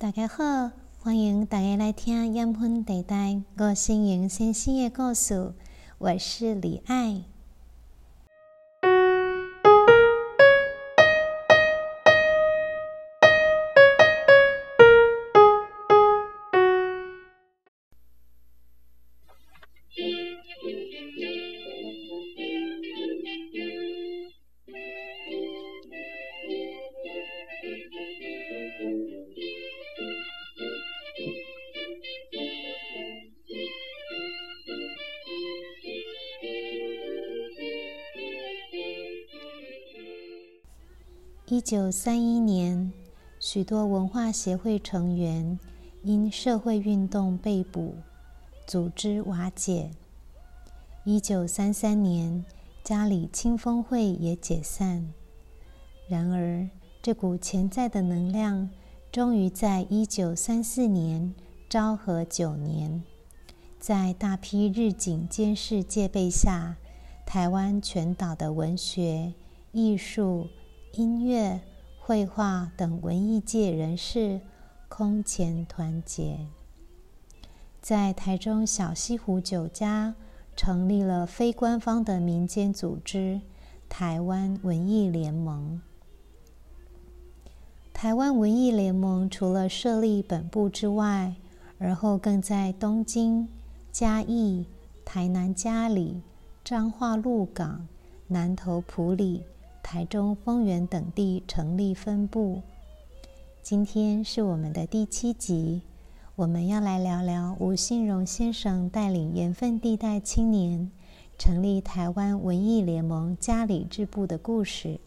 大家好，歡迎大家來聽《鹽分地帶》吳新榮先生的故事。我是李艾。一九三一年，許多文化協會成員因社會運動被捕，組織瓦解。一九三三年，佳里青風會也解散。然而，這股潛在的能量終於在一九三四年（昭和九年）在大批日警監視戒備下，台灣全島的文學、藝術。音樂、繪畫等文藝界人士空前團結，在台中小西湖酒家成立了非官方的民間組織——台灣文藝聯盟。台灣文藝聯盟除了設立本部之外，而後更在東京、嘉義、台南佳里、彰化鹿港、南投埔里。台中、豐原等地成立分部。今天是我們的第七集，我們要來聊聊吳新榮先生帶領鹽分地帶青年成立台灣文藝聯盟佳里支部的故事。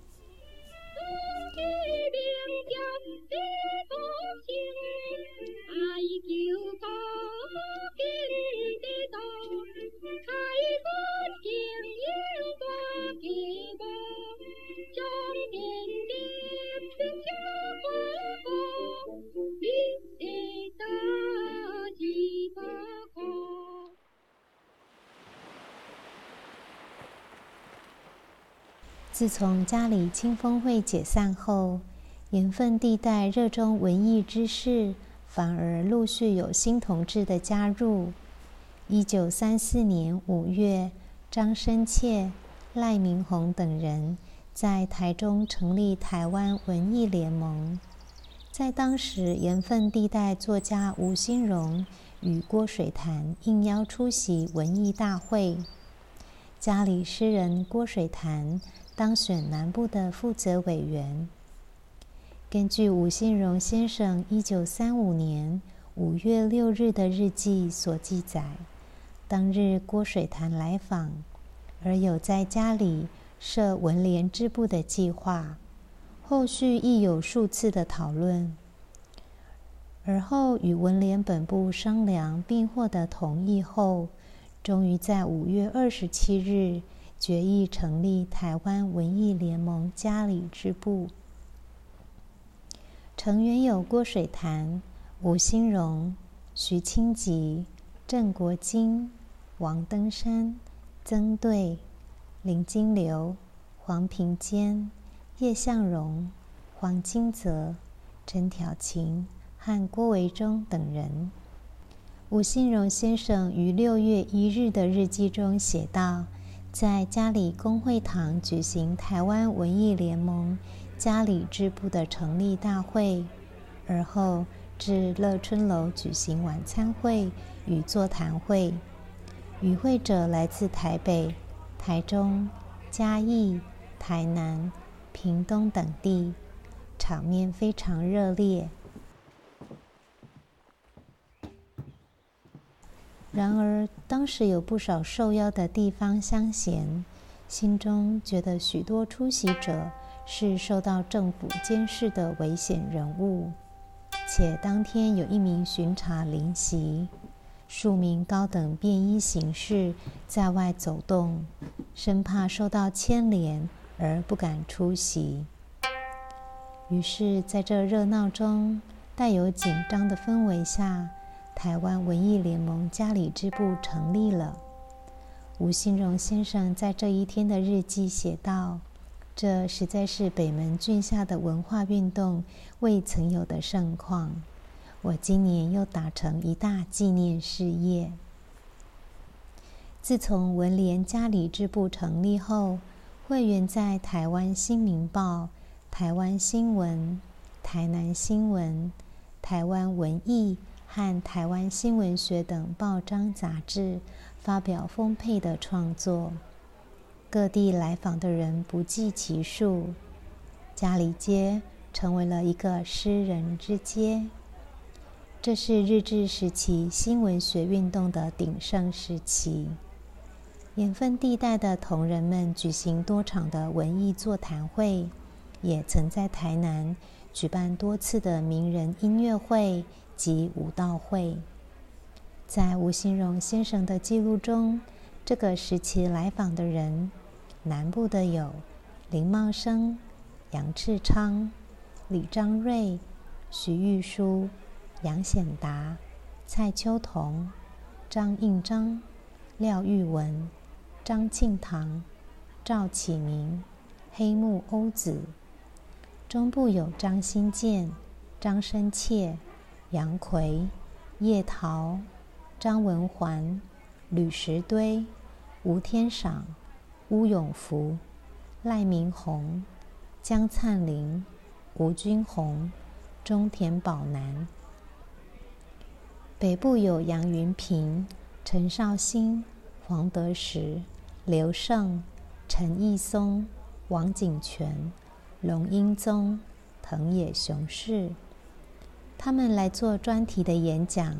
自從佳里青風會解散後，鹽分地帶熱衷文藝之士，反而陸續有新同志的加入。一九三四年五月，張深切、賴明宏等人在台中成立台灣文藝聯盟。在當時，鹽分地帶作家吳新榮與郭水潭應邀出席文藝大會，佳里詩人郭水潭。當選南部的負責委員。根據吳新榮先生一九三五年五月六日的日記所記載，當日郭水潭來訪，而有在家裡設文聯支部的計劃。後續亦有數次的討論，而後與文聯本部商量並獲得同意後，終於在五月二十七日，決議成立臺灣文藝聯盟佳里支部，成員有郭水潭、吳新榮、徐清吉、鄭國金、王登山、曾對、林金流、黃平堅、葉向榮、黃金澤、陳挑琴和郭維忠等人。吳新榮先生於六月一日的日記中寫道。在佳里公會堂舉行臺灣文藝聯盟佳里支部的成立大會，而後至樂春樓舉行晚餐會與座談會，與會者來自台北、台中、嘉義、台南、屏東等地，場面非常熱烈。然而，當時有不少受邀的地方鄉賢，心中覺得許多出席者是受到政府監視的危險人物，且當天有一名巡查臨席，數名高等便衣刑事在外走動，生怕受到牽連而不敢出席。於是，在這熱鬧中帶有緊張的氛圍下。台灣文藝聯盟佳里支部成立了。吳新榮先生在這一天的日記寫道：“這實在是北門郡下的文化運動未曾有的盛況。我今年又達成一大紀念事業。自從文聯佳里支部成立後，會員在台灣《台灣新民報》《台灣新聞》《台南新聞》《台灣文藝》。”和台灣新文學等報章雜誌發表豐沛的創作，各地來訪的人不計其數，佳里街成為了一個詩人之街。這是日治時期新文學運動的鼎盛時期。鹽分地帶的同仁們舉行多場的文藝座談會，也曾在台南舉辦多次的名人音樂會。及武道會，在吳新榮先生的記錄中，這個時期來訪的人，南部的有林茂生、楊熾昌、李張瑞、徐玉書、楊顯達、蔡秋桐、張印章、廖玉文、張慶堂、趙啟明、黑木歐子；中部有張新建、張深切。楊奎、葉陶、張文環、呂石堆、吳天賞、巫永福、賴明弘、江燦琳、吳君宏、中田保南。北部有楊雲萍、陳紹興、黃得時、劉勝、陳逸松、王景泉、龍瑛宗、藤野雄士。他們來做專題的演講，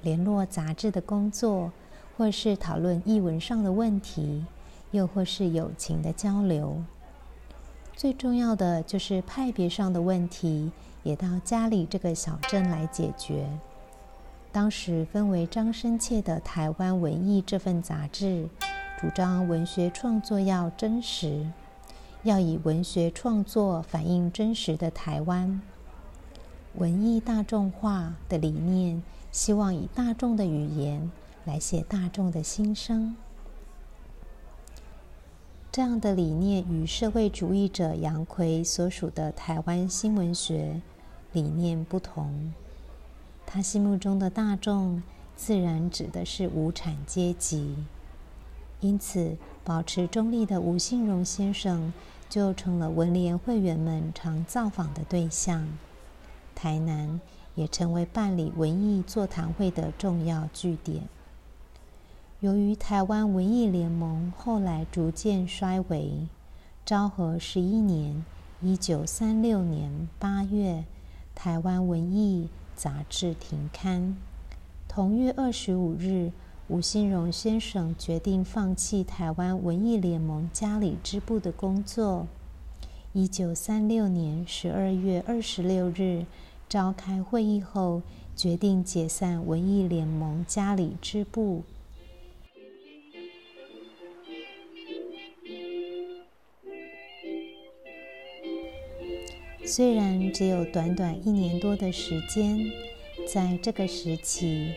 聯絡雜誌的工作，或是討論藝文上的問題，又或是友情的交流。最重要的就是派別上的問題，也到佳里這個小鎮來解決。當時分為張深切的《台灣文藝》這份雜誌，主張文學創作要真實，要以文學創作反映真實的台灣。文藝大眾化的理念，希望以大眾的語言來寫大眾的心聲。這樣的理念與社會主義者楊逵所屬的台灣新文學理念不同。他心目中的大眾，自然指的是無產階級。因此，保持中立的吳新榮先生就成了文聯會員們常造訪的對象。台南也成為辦理文藝座談會的重要據點。由於台灣文藝聯盟後來逐漸衰微，昭和十一年（一九三六年）八月，台灣文藝雜誌停刊。同月二十五日，吳新榮先生決定放棄台灣文藝聯盟佳裡支部的工作。一九三六年十二月二十六日，召開會議後，決定解散文藝聯盟佳里支部。雖然只有短短一年多的時間，在這個時期，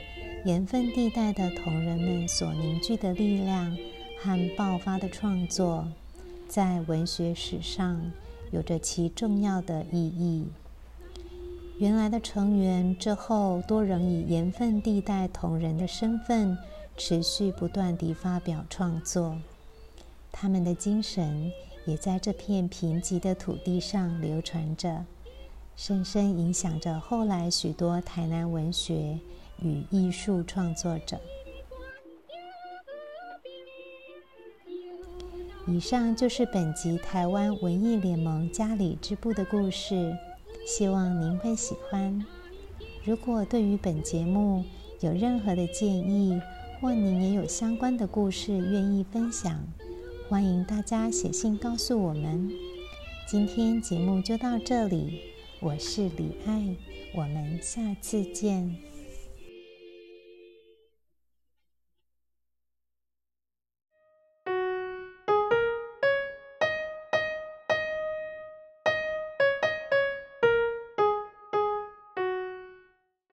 鹽分地帶的同仁們所凝聚的力量和爆發的創作，在文學史上有着其重要的意義。原來的成員之後，多仍以鹽分地帶同人的身份，持續不斷地發表創作。他們的精神也在這片貧瘠的土地上流傳着，深深影響着後來許多台南文學與藝術創作者。以上就是本集台灣文藝聯盟佳里支部的故事。希望您會喜歡。如果對於本節目有任何的建議，或您也有相關的故事願意分享，歡迎大家寫信告訴我們。今天節目就到這裡，我是李愛，我們下次見。